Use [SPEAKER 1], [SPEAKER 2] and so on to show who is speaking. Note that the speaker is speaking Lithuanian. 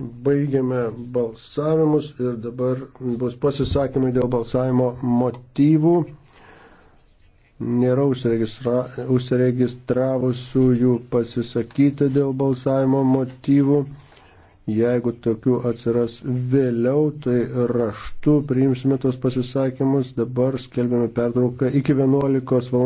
[SPEAKER 1] Baigiame balsavimus ir dabar bus pasisakymai dėl balsavimo motyvų. Nėra užsiregistra, užsiregistravusiųjų pasisakyti dėl balsavimo motyvų. Jeigu tokių atsiras vėliau, tai raštu priimsime tos pasisakymus. Dabar skelbėme pertrauką iki 11 val.